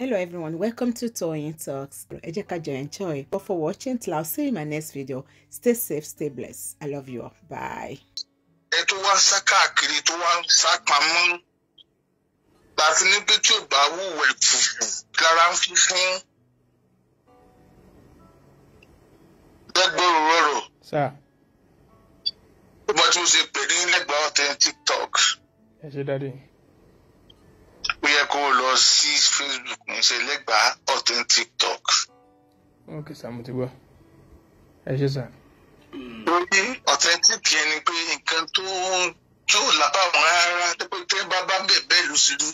hello everyone welcome to Toyeen Talks ẹ jẹ́ ká enjoy but for watching till i'll see you in my next video stay safe stay blessed i love you all bye. ẹ tó wá sá tó wá sá pamọ́ láti ní pé tí ò bá wúwẹ̀ fùfù lára ń fi fún lẹ́gbọ̀rọ̀ rọ̀rọ̀. ó bá tún ṣe pè ní lẹ́gbàá ọ̀tẹ̀ tiktok. ẹ ṣe dáadé ó yẹ kó lọ sí facebook ń ṣe lẹ́gbàá authentic talk. ok sir mo ti gbọ́ ẹ ṣe sir. lórí authentic yẹn ni pé nǹkan tó ń tó lábàwọ́n rárá pé tẹ́ bá bá bẹ̀ bẹ́ẹ̀ lù sí i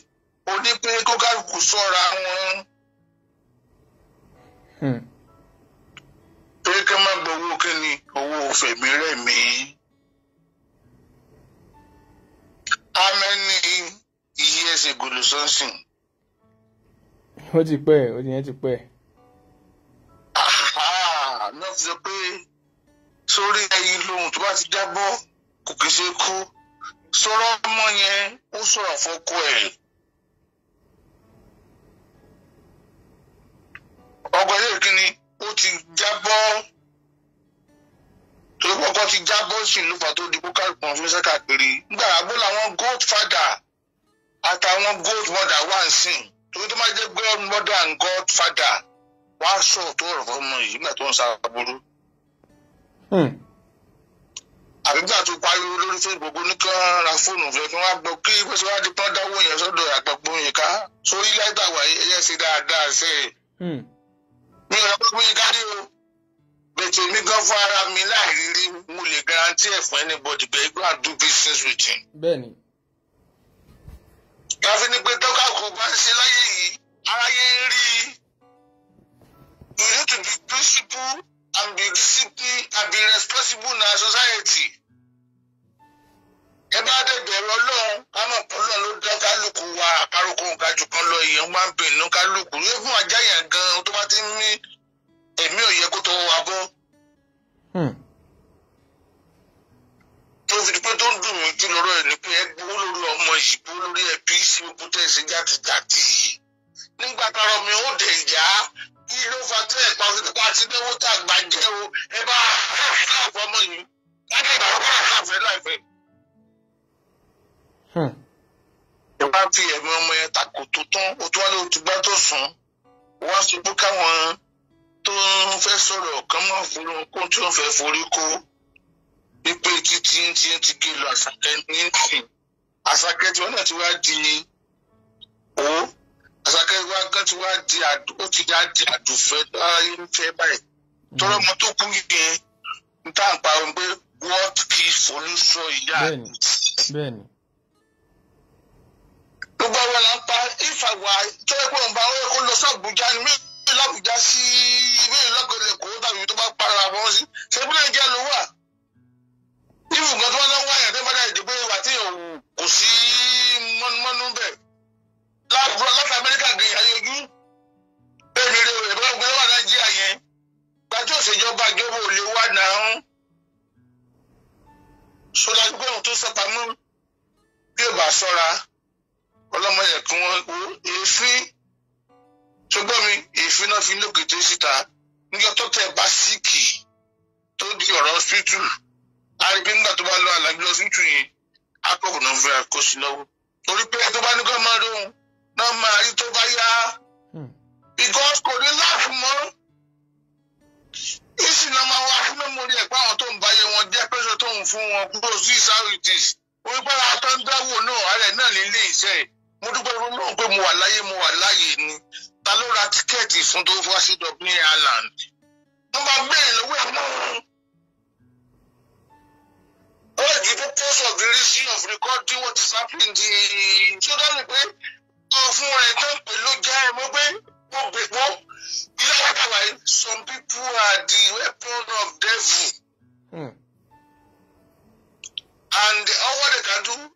ó ní pé kó kálukú sọ́ra wọn. pé hmm. ká má gbowó kí ni owó fẹ̀mí rẹ̀ mí. amẹ́ni ṣe gòlò sọ́nsìn. ó ti pẹ́ ó ti yẹn ti pẹ́. náà ti sọ pé sórí ẹyin lóhun tó bá ti jábọ́ kò kì í ṣe kú sọ̀rọ̀ ọmọ yẹn ó sọ̀rọ̀ àfọkù ẹ̀. ọgbọ́n ilé kínní ó ti jábọ́ torí pọ́pọ́ ti jábọ́ sí ìlú fàtó di bókàrí pọ̀n fún sẹ́kà kiri nígbà làwọn godfather àtàwọn gold mother wà ń sìn torí tó máa jẹ́ god mother and god father wọ́n á sọ̀rọ̀ tó rọ̀ fọ́mọ yìí nígbà tó ń ṣàbúrú. Hmm. àbí nígbà tó pariwo lórí Facebook ní kí wọ́n ra fóònù fẹ́ kí wọ́n á gbọ́ kí bẹ́sẹ̀ wá di pọ́n dáwọ́ yẹn sọ́dọ̀ àgbàgbọ́ yìí ká sórí láìpẹ́ àwáyé ẹ̀yẹ́ sí dáadáa sí i. Hmm. mi ò rà pé bóyá kárí o bẹ̀tẹ̀ mi gan fún ara mi láìrírí mo lè garanti ẹ̀ fún anybody but you go and do business with him. bẹ́ẹ̀ni láfi ní pé dọ́kàkù bá ń ṣe láyé yìí aráyé ń rí i you need to be principled and be disciplined and be responsible na society ẹ bá dẹ bẹ̀rẹ̀ ọlọ́run ká mọ̀ pé ọlọ́run ló dán kálukú wa àparokò nǹkan jù kan lọ èèyàn máa ń bẹ̀rẹ̀ ní kálukú yóò fún àjáyà gan-an tó bá ti ń mí èmi ò yẹ kó tọwọ́ wa bọ́. Hmm tó fi pé tó ń dùn mí jù lọ́rọ̀ ẹ̀ ni pé ẹ gbowó lórí ọmọ yìí gbowó lórí ẹbí sí gbogbo tẹ̀sí jàtìjàtì yìí nígbà tọrọ mi ó dẹ̀ yá kí ló fa tó ẹ̀ pa fipá tí náwó tá a gbà jẹ́ o ẹ bá àfọ ọmọ yìí láti ìgbà wọn bá àfẹ láìpẹ́. Hmm. ẹ wá fi ẹ̀mí ọmọ yẹn tako tó tán o tún wá lóò tún gbá tó sùn wá sọ káwọn tó ń fẹ́ sọ̀rọ̀ kán máa forí wọn kó tí wọ́n fẹ́ forí kó wípé títí ń ti ń ti gé lọ àṣàkẹ́ ní ń sìn àṣàkẹ́ tí wọ́n náà ti wá di ni ó àṣàkẹ́ wa gan ti wá di ó ti dá di àdùfẹ́ láyé ń fẹ́ báyìí tọ́rọ ọmọ tó kú yẹn ń tà ń parun pé what kì í folúṣọ ìyá àti. gbogbo àwọn là ń pa ìfàwà tẹ́lẹ̀kọ́ ọ̀nba ọ̀rẹ́ kó lọ sí Àbújá ni mí lábùjá sí ilé ìlọ́gọ̀dẹ̀ kó tàbí tó bá para wọn sí ṣé bí Nàìjíríà ló wà. tó síta níjọ́ tó tẹ̀ bá síkì tó di ọ̀rọ̀ hospital àrígbé nígbà tó bá lọ àlàjì hospital yẹn àpòkù náà fẹ́ kó sí lọ́wọ́ torí pé tó bá ní kọ́ máa lóhun náà máa rí tó bá yá hmm. because kò ní láàfù mọ́ ìsìn náà máa wá fún mẹ́mórì ẹ̀ pé àwọn tó ń báyé wọn jẹ́ pẹ́sẹ̀ tó ń fún wọn kúrò sí ìsáwìtìs orí pẹ́ àwọn tó ń dáwò náà ààrẹ náà nílé iṣẹ́ mo dúpẹ́ fún lóhùn pé mo wà láyé mo wà láyé ni ta ló ra tíkẹ́ẹ̀tì fún tó wá sí Dublin Ireland wọ́n bá bẹ́ẹ̀ lọ́wọ́ ẹ̀ náà all the purpose of the reason of recording what is happening di sódọ́nù pé tó fún ẹ tán pẹ̀lú jẹ́ ẹ mọ́ pé mo gbè pọ́ ilé àgbà some people are the weapon of devil hmm. and all they can do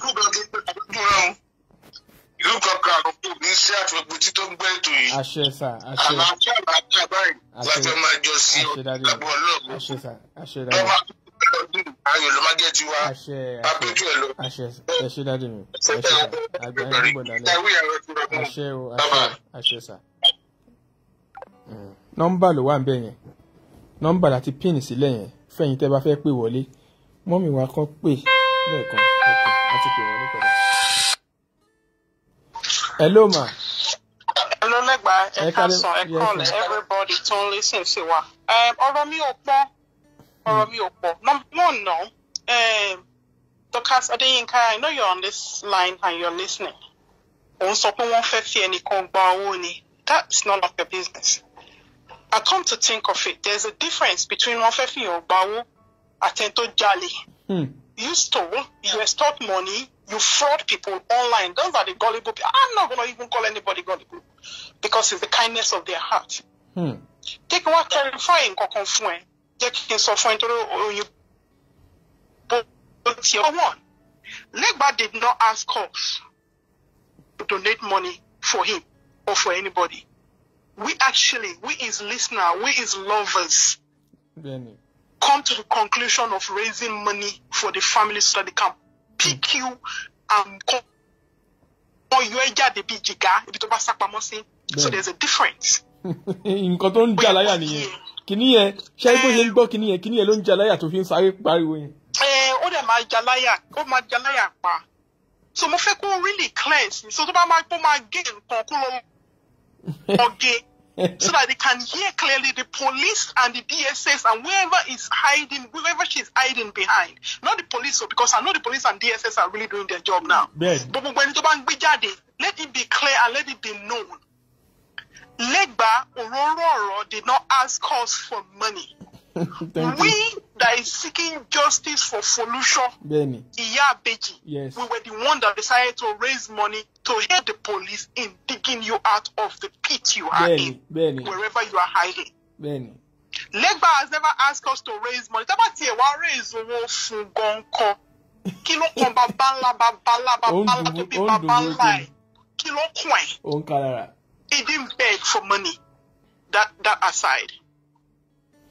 ní sí àtúgbò tí tó ń gbé ètò yìí. àṣẹ sà àṣẹ. àmọ́ àti àlàáfíà báyìí lájọ máa jọ sí ọ̀gbọ̀n ọlọ́ọ̀gbọ̀n. àṣẹ sà àṣẹ dáadé. tọ́wọ́ ọdún ayọ̀ ló má jẹ́ tiwa. àṣẹ àpéjú ẹ̀ lọ. àṣẹ àṣẹ dáadé mi. àṣẹ sà àgbáyé gbọ̀n dálẹ̀. àṣẹ o àṣẹ àṣẹ sà. nọ́mbà ló wà ń bẹ̀ yẹn nọ́mbà láti pín sílẹ̀ yẹn fẹ́yìn tẹ́ bá fẹ́ pè wọlé mọ́mì wa kan pè lẹ́ẹ̀kan ọkọ̀ láti pè wọlé padà hello ma. hello lẹ́gbà ẹ ká sọ ẹ kọ́lẹ̀ everybody tó ń listen sí wa. ọ̀rọ̀ mi ò pọ̀ ọ̀rọ̀ mi ò pọ̀ number one náà Dorcas Adéyínká I know you're on this line and you're listening. òun sọ pé wọ́n fẹ́ fi ẹnìkan gba owó ni that's none of your business. I come to think of it there's a difference between wọ́n fẹ́ fi hàn gba owó àtẹ̀ntó jalè. Hmm. you stole you extort money You fraud people online. Those are the gullible people. I'm not going to even call anybody gullible because it's the kindness of their heart. Hmm. Tí kí wọ́n clarify nǹkankan fún ẹ, jẹ́ kí n sọ fún ẹ nítorí òyìnbó Take ki terrifying, clarify taking suffering e je ki n so fun Legba did not ask us to donate money for him or for anybody. We actually, we is listener, we is lovers. Benny. Come to the conclusion of raising money for the family so that they pick you and ẹ jáde bíi jìgá ibi tó bá sá pamọ́ sí so there's a difference. nǹkan tó ń jà láyà nìyẹn kìíní yẹn ṣé bó ṣe ń eh, gbọ́ kìíní yẹn kìíní yẹn ló ń jà láyà tó fi ń sáré pariwo yẹn. ẹ eh, ó dẹ̀ máa jà láyà ó máa jà láyà pa so mo fẹ́ kó really cleanse so tó bá máa kó máa gé nǹkan kó lọ ọgẹ so that they can hear clearly the police and the DSS and whoever is hiding, whoever she's hiding behind. Not the police, so oh, because I know the police and DSS are really doing their job now. Yeah. But when it let it be clear and let it be known. Legba Ororo did not ask us for money. we that is seeking justice for Folusho, Iya Abeji, yes. we were the one that decided to raise money to help the police in digging you out of the pit you are Benny, in, Benny. wherever you are hiding. Benny. Legba has never asked us to raise money. Tábà tí ẹ̀ wá raise owó fún gan kan. Kí ló kan bàbá ńlá bàbá ńlá bàbá ńlá tó bí bàbá ńlá ẹ̀? Kí ló kún ẹ̀? He didn't beg for money. That, that aside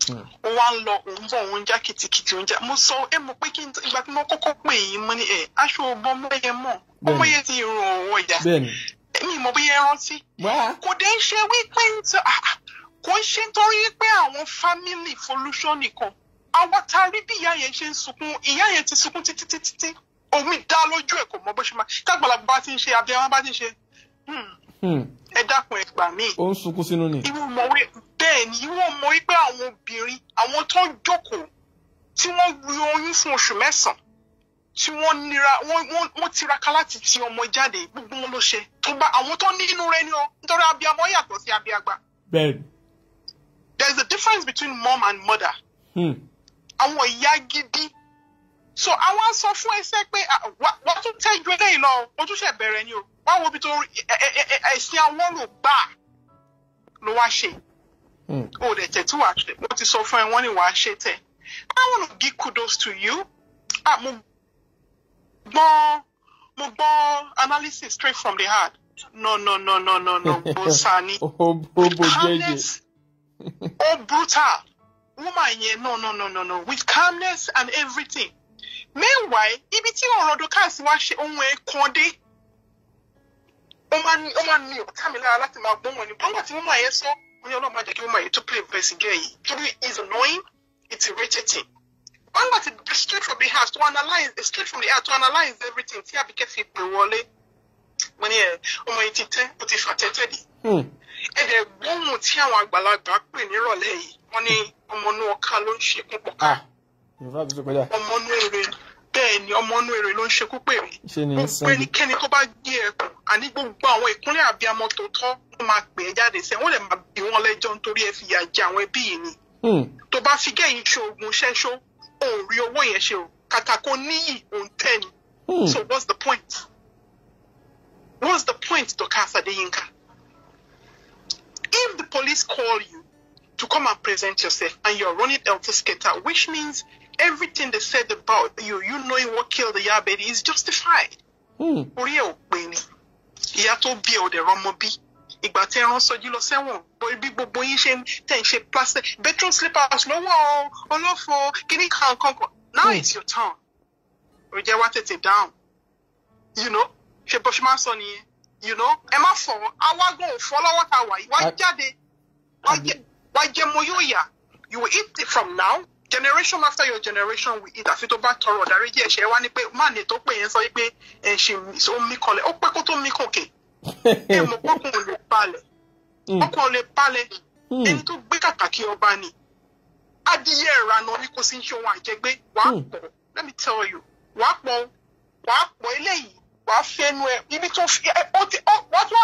ó wá lọ òun bọ̀ òun já kìtìkìtì òun já mo sọ ẹ mọ̀ pé kí n ìgbà tí mo kọ́kọ́ pè yín mo ní ẹ aṣọ ọgbọ́n mọ́yẹ mọ̀ ọmọye ti rò ọwọ́ ìyá mi mọ̀ bí ẹ rántí kò dé ṣe wípé ah, ah, kò ń ṣe nítorí pé àwọn fámìlì folúṣọ́ nìkan àwọn tá bí ìyá yẹn ṣe ń sunkún ìyá yẹn ti sunkún títí títí omi dá lójú ẹ̀ kò mọ bó ṣe máa tágbàlagbà bá ti ń ṣe abẹ́wọ́n bá ti ń ṣe hmm. Hmm ẹ dákun ẹ gbà mí. ó ń sunkún sínú ni. irú mọ̀wé bẹ́ẹ̀ ni irú mọ̀ wípé àwọn obìnrin àwọn tó ń jókòó tí wọ́n rí oyún fún oṣù mẹ́sàn tí wọ́n nira wọ́n tiraka láti ti ọmọ jáde gbogbo wọn ló ṣe tó bá àwọn tó ní inú rẹ ni o nítorí abiyamọ yàtọ̀ sí abiyagba. bẹ́ẹ̀ni. there is a difference between mom and mother. Hmm. àwọn ìyá gidi so àwọn á sọ fún ẹsẹ pé ah, wàá tún tẹ ju eléyìí lọ o tún ṣe bẹ̀rẹ̀ ni o wàá wo ibi tó ẹ̀sìn àwọn lò gbà ló wá ṣe hmm. o dẹ̀ tẹ̀ tí wàá ṣe wọ́n ti sọ fún ẹ wọ́n ní wàá ṣe tẹ̀ I want to give kudos to you ah mo gbọ́ mo gbọ́ analysis straight from the heart no no no no no no bosani calmness Oh, brutal woman yẹn no no no no no with calmness and everything meanwhile ibi tí ọ̀rọ̀ Dorcas wá ṣe ohun ẹ̀kan dé ó máa ní ọ̀tá mi lára láti máa gbóhùn ni nígbà tí wọ́n máa yẹ sọ wọ́n ní ọlọ́run máa jẹ́ kí wọ́n máa yẹ tó play bẹ́sì gẹ́ yìí torí it's annoying it's irritating wọ́n gbà tí straight from the house to analyse straight from the house to analyse everything tí Àbíkẹ́ fi pè wọlé mo ní ẹ eh, ọmọ yìí ti tẹ́ ó ti fà tẹ́tẹ́ dì hmm. ẹ̀dẹ̀ gbóhùn tí àwọn àgbàlagbà pè nírọ̀lẹ́ yìí wọ́n ní ọmọ inú ọ̀ka ló ń ṣe púpọ̀ ká. Ah ọmọ inú ni ọmọ ló ń ṣekú pè gbogbo ẹnikẹ́ni tó bá gbé ẹkùn àní gbogbo àwọn ìkúnlẹ̀ àbíamọ tó ló máa pè é jáde sẹ́yìn wọ́n lè máa bí wọ́n lẹ́jọ́ nítorí ẹ fìyà jẹ àwọn ẹbí yìí ni hmm. tó bá fi gẹ́yìn ṣoògùn ṣẹ́ṣó ò rí owó yẹn ṣe o kàkàkó níyì òun hmm. so what's the point what's the point Dorkas Adeyinka if the police call you to come and present yourself and you're running elter skelter which means everything they said about you you knowing what killed the yab baby is justified. Hmm. Real ẹ̀ ò pé ni ìyá tó bí ẹ̀ ò dẹ̀ rọmọ bí ìgbà tí ẹran sọjí lọ sẹ́wọ̀n bí gbogbo yín ṣe tẹ̀ ń ṣe plastic bedroom slippers lọ́wọ́ olófo kíní kan kankan now hmm. it's your turn ó jẹ́ wá tètè down you know ṣe bó ṣe máa sọ nìyẹn you know ẹ má fọ awágùn òfò lọ́wọ́ ta wà yìí wá ah. jáde wá jẹ mo yóò yà you will eat it from now generation after your generation will eat àfi tó bá tọrọ ìdáríjì ẹ̀ṣẹ̀ wa ni pé má ní tó pè yẹn sọ pé ẹ̀ṣẹ̀ ó mí kọlẹ̀ ó pẹ́ kó tó mí kòkè ẹ̀ pọ́kùn lè balẹ̀ pọ́kùn hmm. lè balẹ̀ hmm. ẹni tó gbé kàkàkí ọba ni adìyẹ ìrànà ni kò sí ṣe ohun àjẹgbé wàá hmm. pọ̀ let me tell you wàá pọ̀ wàá pọ̀ eléyìí wàá fẹnu ẹ ibi tó fi ẹ ó ti ó wàá tó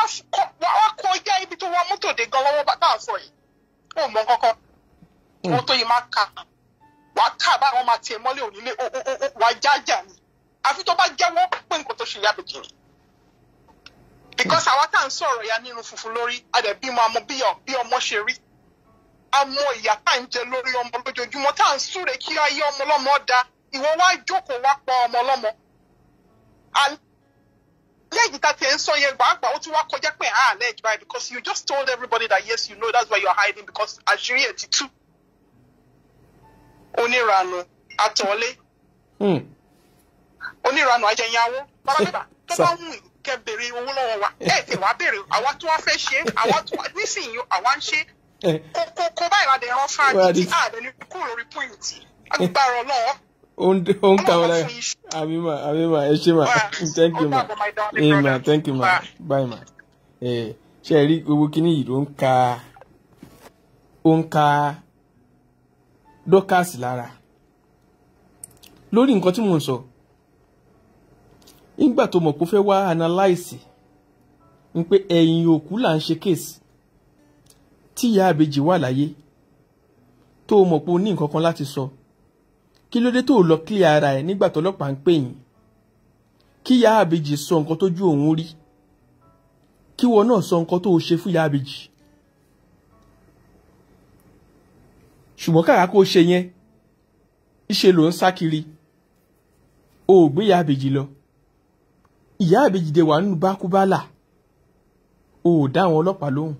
wàá kọjá ibi tó wọ mọ́tò dé gan lọ́wọ́ bá tá a sọ yìí ó mọ kankan owó yìí má kà á káàbá àwọn máa tiẹ̀ mọ́lẹ̀ ònílé wà jájà ni àfi tó bá jẹ́wọ́ pé nǹkan tó ṣe yá bèjì ni. because àwa tá à ń sọ̀rọ̀ ya nínú funfun lórí adẹ̀ bímọ àmọ́ bí ọmọ ṣe rí àmọ́ ìyá tá à ń jẹ lórí ọmọ lójoojúmọ́ tá à ń súre kí ayé ọmọ ọlọ́mọ da ìwọ wá jókòó wá pọ̀ ọmọ ọlọ́mọ. lẹ́yìn tá a ti ń sọ yẹn gbàgbà ó tún wá kọjá pé ah lẹ́yìn báyìí because you just told everybody that yes you know that's why you are hiding because àṣírí ẹ̀ ti tú oníranú àtọ̀ọ́lé hmm. oníranú ajẹyàwó babalẹ́bà tó bá wù yín kẹ béèrè owó lọ́wọ́ wa ẹ̀ tẹ̀ wá béèrè àwa tó wá fẹ́ ṣe àwa tó nísìnyí àwa ń ṣe kókó kó báyìí ládẹ̀ ẹ̀rọ fáàdì tí àdẹ̀ni kúrò lórí pọ́ìntì agbára ọlọ́wọ́ ó ń kàwé láyé àmì mà àmì mà ẹ ṣe mà thank you ma ẹ mà thank you ma bye ma eh, ṣe rí gbogbo kini yìí ló ń ka ó ń ka. Dorcas lára lórí nǹkan tí mò ń sọ nígbà tó mọ̀ pé ó fẹ́ wá analyse ń pé ẹ̀yìn òkú là ń ṣe kéèsì tí ìyá àbèjì wà láyé tó mọ̀ pé ó ní nǹkan kan láti sọ kí ló dé tó lọ clear ara e nígbà tọ́lọ́pàá ń pè yín kí ìyá àbèjì sọ nǹkan tójú òun rí kí wọn náà sọ nǹkan tó ṣe fún ìyá àbèjì ṣùgbọ́n kàkà kó ṣe yẹn ìṣe ló ń sá kiri o ò gbé ìyá àbèjì lọ ìyá àbèjì dé wà nínú bákúbálà o ò dá àwọn ọlọ́pàá lóhùn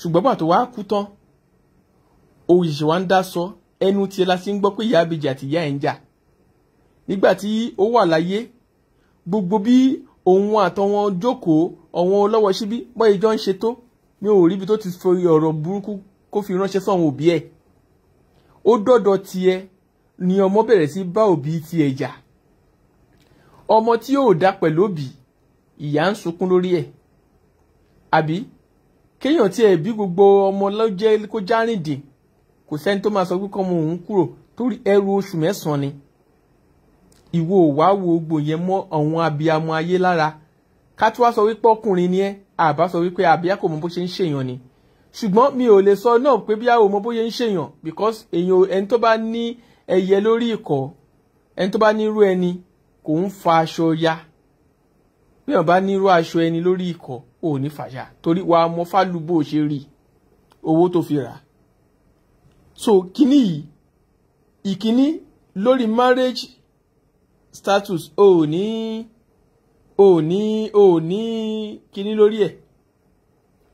ṣùgbọ́n pàtó wàá kú tán o ṣẹ̀ṣẹ̀ wá ń dá sọ ẹnu tiẹ̀ la ti ń gbọ́ pé ìyá àbèjì àti ìyá ẹ̀ ń jà nígbà tí ó wà láyé gbogbo bí òun àtọwọn jókòó ọ̀wọ́n ọlọ́wọ́ síbí bọ́ ìjọ ń ṣe tó mi ò ríbi tó ti fi ọ̀rọ̀ burúkú kó fi ránṣẹ́ sọ́wọ́n òbí ẹ̀ ó dọ́dọ̀ tiẹ̀ ni ọmọ bẹ̀rẹ̀ sí bá òbí tiẹ̀ jà ọmọ tí yóò dá pẹ̀lú òbí ìyá ń sunkún lórí ẹ̀ àbí kéèyàn tiẹ̀ bí gbogbo ọmọ lọ́jẹ́ kó járìndín kò sẹ́ni tó máa sọ pé kọ́mọ òun kúrò torí ẹrù oṣù mẹ́sàn-án ni ìwọ wàá wo gbò yẹn mọ́ àwọn abiyamọ ayé lára ká tí wàá sọ wípé ọkùnrin ni ẹ àbá sọ wípé àbíyá mọ bó ṣe ń ṣèyàn ni ṣùgbọ́n mi ò lè sọ náà pé bí àwọn ọmọ bóyá ń ṣèyàn because èyàn ẹni tó bá ní ẹyẹ lórí ìkọ̀ ẹni tó bá ní irú ẹni kò ń fa aṣọ ya bí wọn bá ní aṣọ ẹni lórí ìkọ̀ ò ní fàyà torí wa mọ fálù bó ṣe rí owó tó fi rà so kíní yìí ìkíní lórí marriage status ò ní ò ní ò ní kíní lórí ẹ̀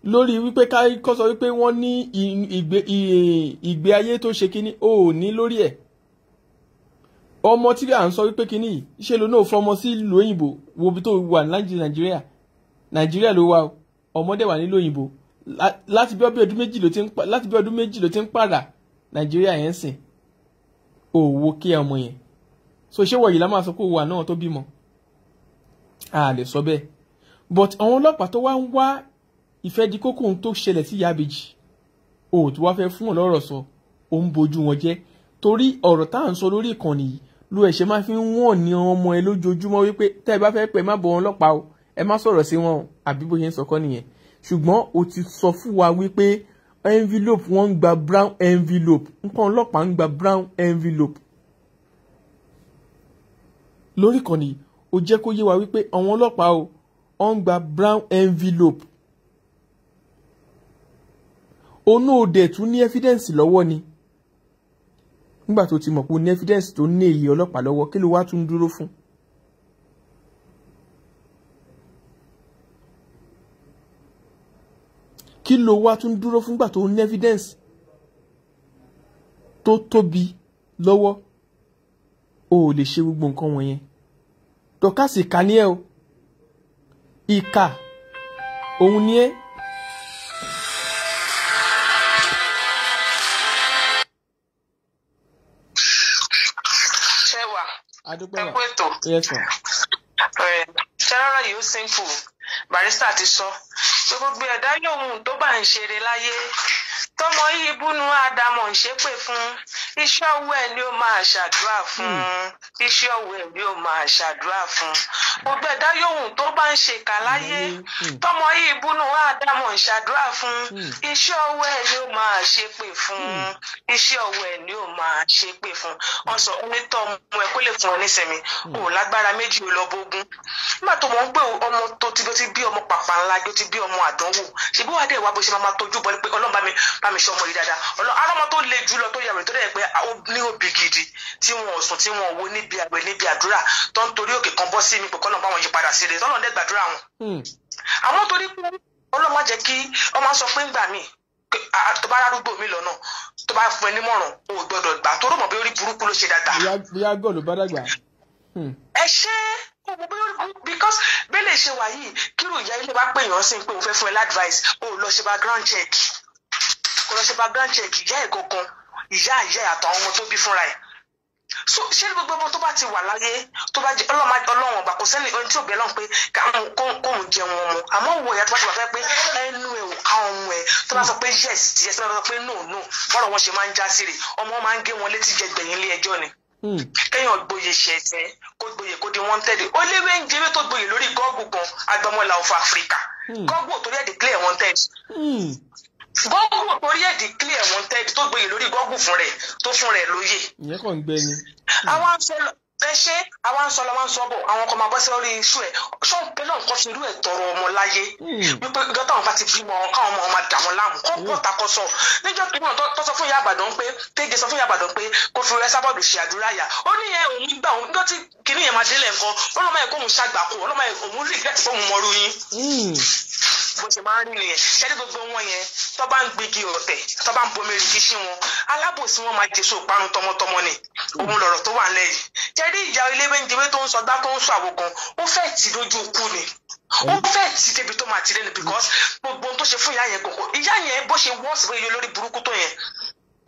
lórí wípé kọ́ sọ wípé wọ́n ní ìgbé ayé tó ṣe kínní ò ní lórí ẹ̀ ọmọ tí à ń sọ wípé kínní yìí ṣe ló náà fọmọ sí ìlú òyìnbó wo bí tó wà ní nàìjíríà nàìjíríà ló wà ọmọdé wà nílùú òyìnbó láti bí ọdún méjì ló ti ń láti bí ọdún méjì ló ti ń padà nàìjíríà yẹn sìn òwò kí ọmọ yẹn so ṣé wọ̀nyí la máa sọ pé òwò àná tó bímọ a lè sọ bẹ́ẹ̀ but àwọn ọlọ́pàá tó wá ń wá ìfẹ́ di kókó ohun tó ṣẹlẹ̀ sí Ìyábẹ̀jì o tí wàá fẹ́ fún wọn lọ́rọ̀ sọ ó ń bojú wọn jẹ́ torí ọ̀rọ̀ tá à ń sọ lórí ìkànnì yìí ló ẹ̀ṣẹ̀ máa fi ń wọ̀n ní ọmọ ẹ lójoojúmọ́ wípé tẹ́ ẹ bá fẹ́ pẹ́ má bọ̀ wọn lọ́pàá o ẹ má sọ̀rọ̀ sí wọn o àbí bó ṣe ń sọkọ́ nìyẹn ṣùgbọ́n o ti sọ fún wa wípé envelope wọn ń gba brown envelope nǹkan ọlọ́pàá ń gba brown envelope lórí ìkànnì o jẹ́ kó yé wa wípé àwọn ọlọ́pàá o wọ́n ń gba brown envelope òun náà dẹ̀ tún ní ẹ́fídẹ́ǹsì lọ́wọ́ ni nígbà tó ti mọ̀ pé ó ní ẹ́fídẹ́ǹsì tó ní èyí ọlọ́pàá lọ́wọ́ kí ló wá tún dúró fún. kí ló wá tún dúró fún nígbà tó ní ẹ́fídẹ́ǹsì tó tóbi lọ́wọ́ o ò lè ṣe gbogbo nǹkan wọ̀nyẹn dọ̀kásì kà ní ẹ o ìkà òun ni ẹ́ adúpẹ́ mà ṣe rárá yìí ó simple barista ti sọ gbogbo ẹ̀dá yòówù tó bá ń ṣeré láyé tọmọ yìí búnú àdàmọ̀ ń ṣépè fún iṣẹ́ ọwọ́ ẹ̀ ni ó máa ṣàdúrà fún hmm. iṣẹ́ ọwọ́ ẹ̀ ni ó máa ṣàdúrà fún gbogbo ẹ̀dá yòówùn tó bá ń ṣe kà láyé hmm. Hmm. tọmọ yìí búnú àdàmọ̀ ń ṣàdúrà fún iṣẹ́ ọwọ́ ẹ̀ ni ó máa ṣépè fún iṣẹ́ ọwọ́ ẹ̀ ni ó máa ṣépè fún wọn sọ onítọ̀ ọmọ ẹ kó lè fún ọ nísẹ̀mí ò lágbára méjì ò lọ bógún nígbà tó mọ̀ ń gbé ọmọ tó ti bí ọmọ pàpà ńlá tó ti bí ọmọ àdánwò ṣèbí mi bá mi ṣe ọmọ yìí dáadáa ọlọ arọmọ tó le jùlọ tó yàrá tó dẹ pé ní òbí gidi tí wọn ọsùn tí wọn wo níbi àgbẹ̀ níbi àdúrà tó ń torí òkè kan bọ́ sí mi pé kọlọ bá yí padà sí rẹ tọlọ ń dẹ gbàdúrà wọn. Hmm. àwọn torí pé ọlọ́mọ jẹ́ kí ọmọ sọ pé ń gbà mí tó bá rárúgbó mi lọ́nà tó bá fún ẹ nímọ̀ràn o gbọ́dọ̀ gbà tó rò mọ̀ bí orí burúkú ló ṣe dáadáa. Hmm. ẹ ṣe because bẹ́ẹ̀ lè ṣe wà yìí kírò ilé wa pè yàn sí pé òun fẹ́ fún ẹ ládvice o lọ ṣe background check kò lọ ṣe background ìyá ìyá àtàwọn ọmọ tó bí fúnra ẹ̀ so ṣé ní gbogbo tó bá ti wà láyé tó bá jẹ ọlọ́run ọba kò sẹ́ni ohun tí ò bẹ lọ́n pé kóun jẹun ọmọ àmọ́ wọ ìyá tó bá ti wà fẹ́ pé ẹnu ẹ̀ ò ká ọmọ ẹ̀ tó bá sọ pé yes yes tó bá sọ pé no no bọ́rọ̀ wọn ṣe máa ń já sí rè ọmọ máa ń gé wọn létí jẹ gbẹ̀yìn ilé ẹjọ́ ni hmm. kéèyàn gboyè ṣẹ̀ṣẹ̀ kó gboyè kó di wanted ó léwé ń jẹ́wé tó gboyè lórí gọ́ọ̀gù gan agbamọ́lá of gọ́gùn orí ẹ̀dì clear wanted tó gbé yìí lórí gọ́gùn fún rẹ̀ tó fún rẹ̀ lóye. ìyẹn kàn ń gbẹ ni. àwọn afẹ́ fẹ́ ṣe àwa ń lọ́wọ́ ń bọ̀ àwọn ọkọ̀ máa bọ́ sí orí iṣu ẹ̀ ṣọ́n pé nǹkan ṣe irú ẹ̀ ọmọ láyé hmm. wípé ìjọ táwọn bá ti fi mọ ọ̀hún káwọn ọmọ máa láàmú kó hmm. pọ̀ takọ níjọ́ kí wọn tó sọ fún ìyá àbàdàn pé téje sọ fún ìyá àbàdàn pé kó fi rẹ́sábọ̀dù ṣe àdúrà yà ó ní hmm. bó ṣe máa ń rìn nìyẹn ṣẹ́ni gbogbo wọn yẹn tó bá ń gbégi ọ̀tẹ̀ tó bá ń bomi rìkíṣí wọn alábòsí wọn máa jẹ́sọ ìparun tọmọtọmọ ni òun lọ̀rọ̀ tó wà nílẹ̀ ìjà ilé méjìlé tó ń sọ gbá tó ń sọ àwògùn ó fẹ́ tì lójú kú ni ó mm. fẹ́ tì débi tó máa tì lẹ́nu because gbogbo ohun tó ṣe fún ìyá yẹn kò kó ìyá yẹn bó ṣe wọ́ọ̀sì bóyá olórí burúkú tó yẹn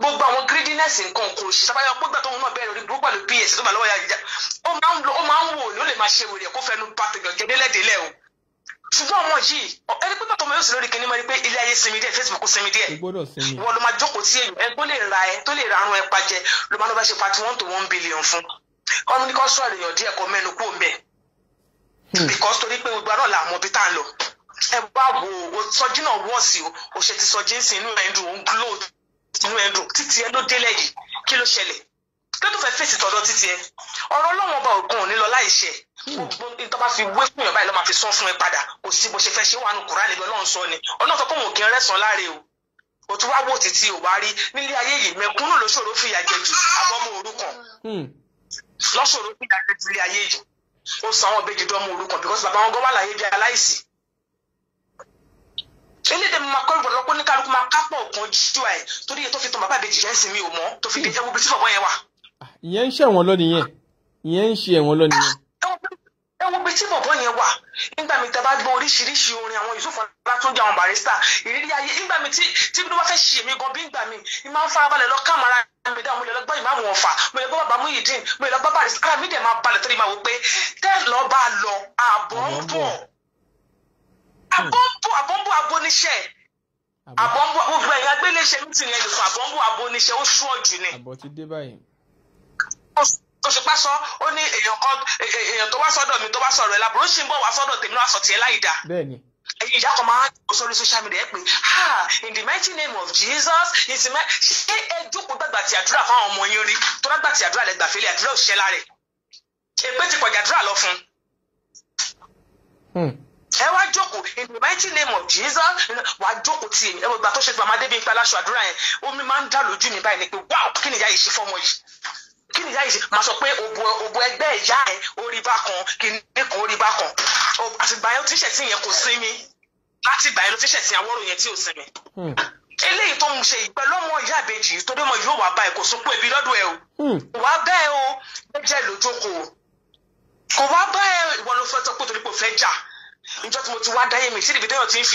gbogbo àwọn greediness nǹkan kò ṣe sábàyọ pé gbàtọ́ òun náà bẹ̀rẹ̀ orí burúkú pẹ̀lú ps tó bá lọ́wọ́ ya ó máa ń wò ó ló lè máa ṣe wèrè kó fẹnu pa tèèyàn jẹ délẹ̀délẹ̀ o ṣùgbọ́n ọmọ yìí ẹni pé bàtọ́ ọmọ yóò sì lórí kinní mọ́ ẹni pé ilé ayé sinmi díẹ̀ facebook sinmi díẹ̀ wọ́n ló máa jókòó sí èèyàn ẹni tó lè ra ẹ tó lè ra àrùn ẹ pajẹ ló máa lọ́ bá ṣe pati one to one billion fún kọ́ni ní kọ́ sọ ènìyàn díẹ̀ kọ́ mẹ́nu kú mbẹ́ hmm. because torí pé gbogbo àná làwọn ọbí tá à ń lọ ẹ bá wo sọjí náà wọ̀ sí o ò ṣe ti sọjí ń sin inú ẹ̀ ń dùn ó ń glow inú ẹ̀ ń dùn títí ẹ ló délẹ̀ yìí kí ló ṣẹlẹ̀ kí ló tún fẹ́ fèsì tọ̀dọ̀ títí ẹ ọ̀rọ̀ ọlọ́wọ́n ọba ògùn ò ní lọ láì ṣe hmm. gbogbo nítorí bá fi wé fún yàn báyìí ló máa fi sọ fún ẹ padà kò sí bó ṣe fẹ́ ṣe wàánu Kùránì lọ lọ́run sọ ni ọlọ́run sọ o òtún wá wò títí ò wá rí nílé ayé yìí mẹ̀kúnnù ló ṣòro fìyà jẹ jù orúkọ lọ́sọ̀rọ̀ pé ìdájọ́ ti lé ayé yìí ó sọ àwọn ìbejì dánmọ orúkọ because bàbá wọn gan wà láyé bí aláìsí elédè mi máa kọ́ ìbọ̀dọ̀ lọ́pọ̀ ní kálukú máa kápọ̀ ọ̀kan jíjọ ẹ̀ torí iye tó fi tàn bàbá ìbejì yẹn sì mi ò mọ́ tó fi dé hmm. ẹwú bí tí bàbá yẹn wà. Ah, ìyẹn ń ṣe ẹ̀wọ̀n lọ ìyẹn ń ṣe ẹ̀wọ̀n lọ ẹ wo bí tí bọ̀bọ̀ yẹn wà nígbà mi tẹ́ bá gbọ́ oríṣiríṣi orin àwọn Yusuf Ọlátúnjí àwọn Barrister ìrírí ayé nígbà mi tí tí ló bá fẹ́ ṣe èmi gan bí nígbà mi ni máa ń farabalẹ̀ lọ kámara mi dáhùn mo lè lọ ìmáàmù ọ̀fà mo lè gbọ́ bàbá Muyideen mo lè lọ gbọ́ ara mi dẹ̀ máa balẹ̀ torí máa wò pé tẹ́ lọ bá a lọ àbọ̀ ń bọ̀ àbọ̀ ń bọ̀ àbọ̀ ń bọ̀ àbọ̀ níṣẹ́ àbọ̀ ń bọ̀ gbogbo ẹ̀yà gbélé tó sọ ó ní èèyàn kan èèyàn tó wá sọ́dọ̀ mi tó wá sọ̀rọ̀ ẹ lábúrò ṣì ń bọ̀ wá sọ́dọ̀ tèmi náà sọtì ẹ láì dá. ìyá kan máa ń kó sórí social media ẹ pé ha ah, in the mighty name of Jesus ìsìnmẹ ṣé ẹ jókòó gbàgbà tí àdúrà fáwọn ọmọ yín rí tó bá tí àdúrà lẹ gbàfẹlẹ àdúrà òṣìṣẹ lára ẹ èpè ti pọ̀jà àdúrà lọ fún hmm. ẹ wá jókòó in the mighty name of Jesus wá jókòó tí ẹ wọ tó ṣe fún amadébí ń pẹ aláṣọ àdúrà yẹn omi máa ń dà lójú mi báyìí ni pé wow kí ni ìyá yìí ṣe fọmọ yìí kí ni ìyá yìí ṣe máa sọ pé òbò ẹgbẹ́ ìyá ẹ orí bá kan kìnìún kan orí bá kan àtìgbà yẹn tíṣẹ̀ tí yẹn kò sí láti ìgbà yẹn tíṣẹ̀ tí àwọ̀rò yẹn tí ò sí hmm. eléyìí tó ń ṣe pẹ̀lú ọmọ ìyá àbèjì torí ọmọ yóò wá bá ẹ kò sunkún ebi lọ́dọ̀ ẹ o hmm. wá bá ẹ o jẹ́jẹ́ lójókòó kò wá bá ẹ ìwọ ló fẹ́ tọ́kùn torí kò fẹ́ jà níjọ́ tí mo ti wá dáyé mi sí ibi téèyàn ti ń fi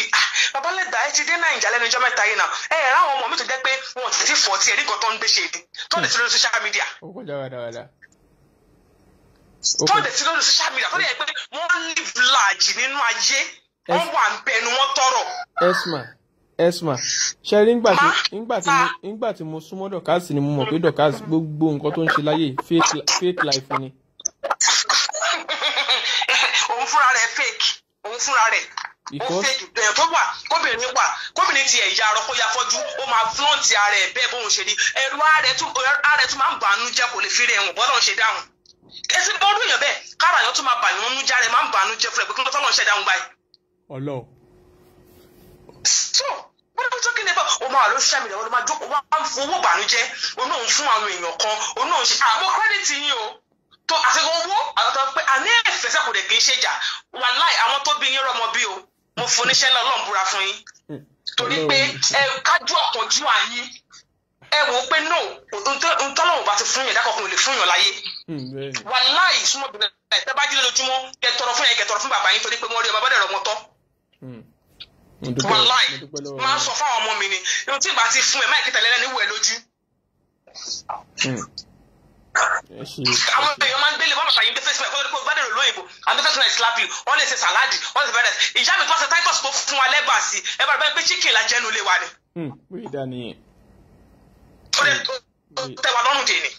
ah, babalẹ́dà ẹ ti dé nàìjà lẹ́nu ìjọ mẹ́ta yìí náà ẹ ẹ̀ ráwọn ọmọ mi tó jẹ́ pé wọn ti fọ́ tí ẹ̀rí kan tó ń gbé ṣe èdè tó ń dẹ̀ sí lórí social media. tó ń dẹ̀ sí lórí social media tó ń dẹ̀ pé wọ́n live large nínú ayé wọ́n wà ń bẹ ẹnu wọn tọrọ. esma esma ṣe rí nígbà tí mo súnmọ́ dọ̀kásì ni mo mọ̀ pé dọ̀kásì gbogbo nǹkan tó ń ṣe láyé fake life ni. òun fúnra rẹ̀ fake òun fúnra rẹ̀ ó fẹ́ jù ẹ̀ tó wà kóbìnrin wà kóbìnrin ti ẹ̀yà arọ ya fọ́jú ó máa flaunt ara ẹ̀ bẹ́ẹ̀ bóun ṣe rí ẹ̀rọ ààrẹ tún máa ń bànú jẹ́ kò lè fi rẹ̀ ẹ̀wọ̀n bọ́lá ń ṣe dáhùn èsì bọ́ọ̀lù yẹn bẹ́ẹ̀ kára yẹn tún máa bà yẹn nú járe máa ń bànú jẹ́ fún ẹ̀ pé kí ló tọ́lọ́ ń ṣe dáhùn báyìí. ọlọ. so wọ́n tó kí ni bá tó àṣekọ owó àtàtà pé àní ẹ̀fẹ́ sẹ́kù rẹ̀ kì í ṣèjà wàláì àwọn tó bí yín rọmọ bí o mo fún oníṣẹ́ náà Ọlọ́run búra fún yín hmm. torí pé ẹ kájú ọ̀kánjú àyín ẹ wò ó pé no ntọ́lọ́wọ́ bá ti fún yẹn dákọ̀kùn lè fún yàn láyé hmm, wàláì súnmọ́ bìnrin ẹ̀ tẹ́ bá jílẹ̀ lójúmọ́ kẹ tọrọ fún yẹn kẹ tọrọ fún bàbá yín torí pé wọ́n rí ọmọ bọ́dẹ̀ rọmọ tọ́ hmm. wàláì máa sọ fún àwọn ọmọ mi ni àwọn èèyàn máa ń gbélé bọ́ọ̀lù ṣàyìn bẹ́sẹ̀ sílẹ̀ kọ́lẹ́dẹ́gbẹ́ gbádùn lóyìnbó and bẹ́sẹ̀ sílẹ̀ slappy wọ́n lè ṣe sàláàdì wọ́n lè ṣe ìyá mi tó wá ṣe titus tó fún wa lẹ́gbàá sí ẹ bá rẹ bẹ́ẹ̀ pé chicken la jẹ́nu lé wa ni. Hmm, ó lè tẹ wa lọ́rùn dè ni.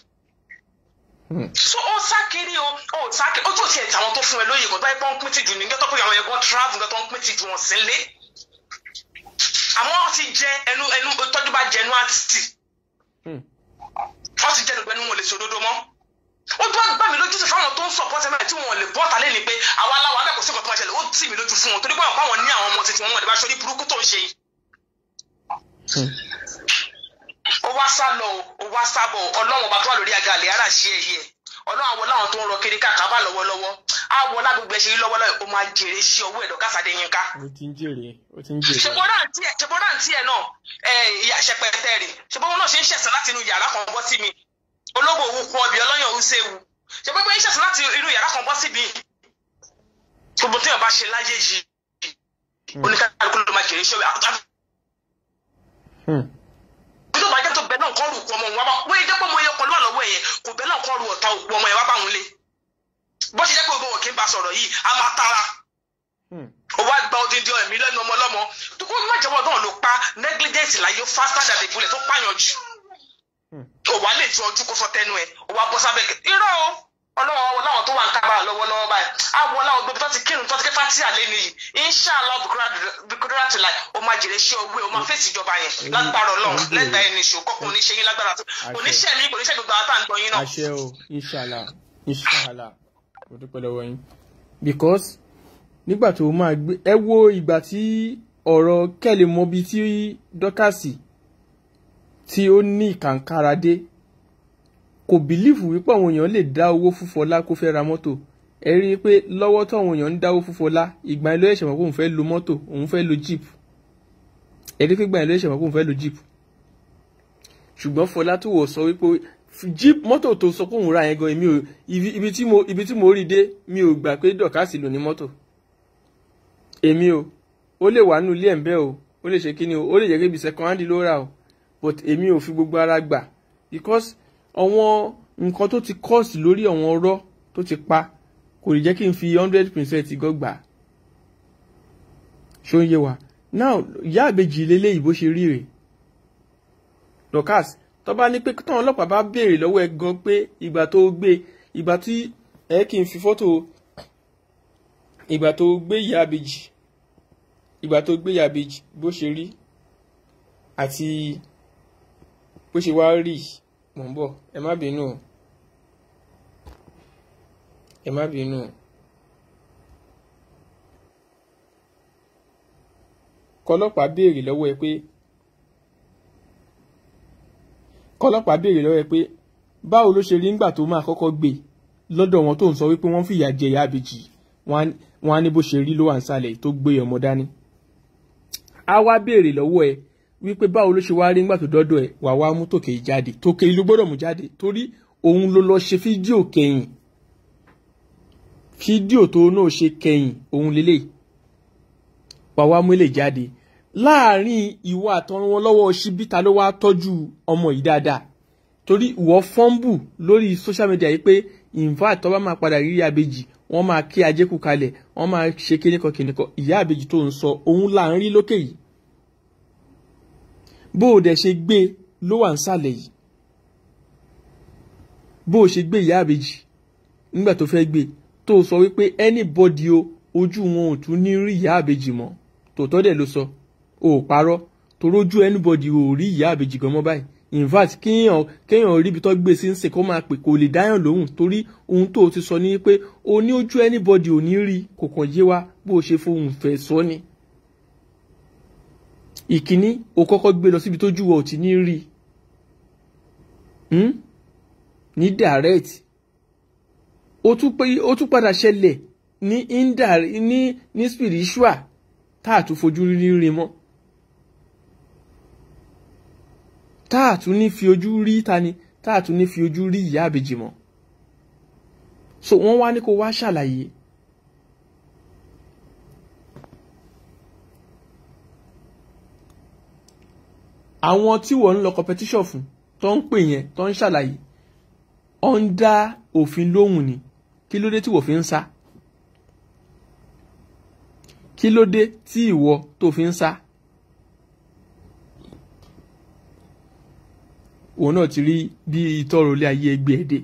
Hmm. so ó sákiri o ó sákiri ó tó tiẹ̀ tí àwọn tó fún ẹ lóyìnbó tó pé àwọn ẹ̀gbọ́n ń pín tìjú wọn sí lé àwọn ti jẹ tó sì jẹ́nu pẹ̀lú wọn lè ṣòdodo mọ́ ó tó gbà mí lójú sí fáwọn tó ń support ẹ̀ tí wọn lè bọ́ ta lẹ́ni pé àwa aláwa bẹ́ẹ̀ sí nǹkan tó ṣẹlẹ̀ ó tì mí lójú fún wọn torí pé báwọn ní àwọn ọmọ títí wọn lè bá ṣorí burúkú tó ń ṣe hmm. ó wá sá lọ ó wá sábọ̀ ọlọ́run ọba tó wà lórí àga àlè ara ṣe ẹ̀yẹ ọlọ́run àwọn láwọn tó ń rọ kiri káàkiri bá lọ́wọ́lọ́wọ́ àwọn ọlágbègbè ṣe yí lọ́wọ́lọ́wọ́ ó máa jèrè sí ọwọ́ ẹ̀dọ́ kásádé yín ká. ó ti ń jèrè ó ti ń jèrè. ṣùgbọ́n rántí ẹ̀ náà ìyá ṣẹpẹtẹ rè ṣùgbọ́n wọn náà ṣe ń ṣẹ̀sán láti inú yàrá kan bọ́ sí mi ológbò òwú kú ọbẹ̀ ọlọ́yàn òun ṣe láyé yìí hmm. oníkálukú bẹ́ẹ̀ náà kọ́ ru ọmọ wọn bá wọ́n jẹ́ pé ọmọ yẹn pẹ̀lú àlọ́wọ́ yẹn kò bẹ́ẹ̀ náà kọ́ ru ọ̀tá òkú ọmọ yẹn wá bá wọn lé bó ṣe jẹ́ pé òkè ń bá sọ̀rọ̀ yìí a máa tara ó hmm. wá odindi ẹ̀mí lẹ́nu ọmọ ọlọ́mọ tó kó má jẹ́wọ́ náà ló pa negligence láyé faster than the bullet tó pààyàn jù ó hmm. wá lè ju ọdún kó sọ tẹnu ẹ̀ ó wá bọ́ sábẹ́ ọlọ́wọ́ láwọn tó wà ń kábàrà lọ́wọ́lọ́wọ́ báyìí àwọn láwọn gbogbo tó kírun tó ti ké fati àlẹ́ nìyí inṣàlá bukura tó la o máa jèrè ṣé owó o máa fèsì ìjọba yẹn lágbára ọlọ́run lẹ́gbàá ẹni ṣò kọ́kọ́ oníṣẹ́ yín lágbára tó oníṣẹ́ mi oníṣẹ́ gbogbo àwọn táǹgbọ̀ yín náà. àṣẹ o inṣàlá inṣàlá o dúpẹ́ lọ́wọ́ yín because nígbà tó máa gbé ẹ wo ìgbà tí ọ̀rọ̀ kẹ́lẹ̀ mọ́bi tí dọ́kàsì tí ó ní ìkànkáradé kò bìlífù wípé àwọn èèyàn lè dá owó fún Fọlá kó fẹ́ ra mọ́tò ẹ rí i pé lọ́wọ́ táwọn èèyàn ń dáwó fún Fọlá ìgbà ilé ẹ̀ṣẹ̀ mọ̀ pé òun fẹ́ lo mọ́tò òun fẹ́ lo jeep ẹ rí i pé ìgbà ilé ẹ̀ṣẹ̀ mọ̀ pé òun lo jeep ṣùgbọ́n Fọlá tó wọ̀ sọ wípé jeep mọ́tò tó sọ pé ra yẹn gan èmi ò ibi tí mo ibi tí mo rí dé mi ò gbà pé dọ̀kásì lò ní mọ́tò èmi ò ó lè wà nínú ilé ẹ̀ ń bẹ́ o ó lè ṣe kí but èmi ò fi because àwọn nǹkan tó ti kọ́ọ̀sì lórí àwọn ọ̀rọ̀ tó ti pa kò lè jẹ́ kí n fi hundred percent gọ́ ṣó ń yé wa now ìyá àbejì lélẹ́yìí bó ṣe rí rèé Dorkas tó bá ní pé táwọn ọlọ́pàá bá béèrè lọ́wọ́ ẹ gan pé ìgbà tó gbé ìgbà tí ẹ kì í fi fọ́tò ìgbà tó gbé ìyá àbejì ìgbà tó gbé ìyá àbejì bó ṣe rí àti bó ṣe wá rí yìí mò ń bọ̀ ẹ má bínú o ẹ má bínú o. kọlọ́pàá béèrè lọ́wọ́ ẹ pé kọlọ́pàá béèrè lọ́wọ́ ẹ pé báwo ló ṣe rí ńgbà tó máa kọ́kọ́ gbé lọ́dọ̀ wọn tó ń sọ wípé wọ́n fìyà jẹ ìyá àbèjì wọn á ní bó ṣe rí ló wà ń sálẹ̀ tó gbé ọmọ dání. a wá béèrè lọ́wọ́ ẹ wípé báwo ló ṣe wá rí nígbà tó dọ́dọ̀ ẹ̀ wà wá mú tòkè jáde tòkè ìlú gbọ́dọ̀ mú jáde torí òun ló lọ ṣe fídíò kẹyìn fídíò tó náà ṣe kẹyìn òun lélẹ̀ wà wá mú ilé jáde láàárín ìwà àtọrun wọn lọ́wọ́ ṣíbítà ló wá tọ́jú ọmọ yìí dáadáa torí ìwọ fọ́nbù lórí social media yìí pé ìnfà tó bá máa padà rí àbejì wọ́n máa kí ajé kú kalẹ̀ wọ́n máa ṣe kíníkan kíníkan ìyá àbejì tó ń sọ òun là ń rí lókè yìí bó o dẹ̀ ṣe gbé ló wà nísàlẹ̀ yìí bó o ṣe gbé ìyá àbèjì nígbà tó fẹ́ gbé tó sọ wípé anybody o ojú wọn ò tún ní rí ìyá àbèjì mọ́ tòótọ́ dẹ̀ ló sọ o ò parọ́ torójú anybody ò rí ìyá àbèjì gan mọ́ báyìí in fact kéèyàn kéèyàn ríbi tó gbèsè ń sè kó máa pè kó lè dáyàn lóhùn torí ohun tó o ti sọ ni pé o ní ojú anybody ò ní rí kò kàn yé wa bó o ṣe fohùn fẹ́ sọ ni ìkíní o kọ́kọ́ gbé lọ síbi tójú wọ ò ti ní rí hmm? ní direct ó tún padà ṣẹlẹ̀ ní indirect ní ní spiritual tá a tún fojú rí rí mọ́ tá a tún ní fi ojú rí tani tá a tún ní fi ojú rí ìyá àbèjì mọ́ so wọ́n wá ní kó wá ṣàlàyé àwọn tí wọ́n ń lọ competition fún tó ń pè yẹn tó ń ṣàlàyé ọ̀ ń dá òfin lóhùn ni kí ló dé tí wọ́n fi ń sá kí ló dé tí ìwọ tó fi ń sá òun náà ti rí bí ìtọ́rọ̀ ilé ayé ẹgbẹ́ ẹ̀ dé.